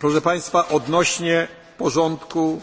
proszę państwa odnośnie do porządku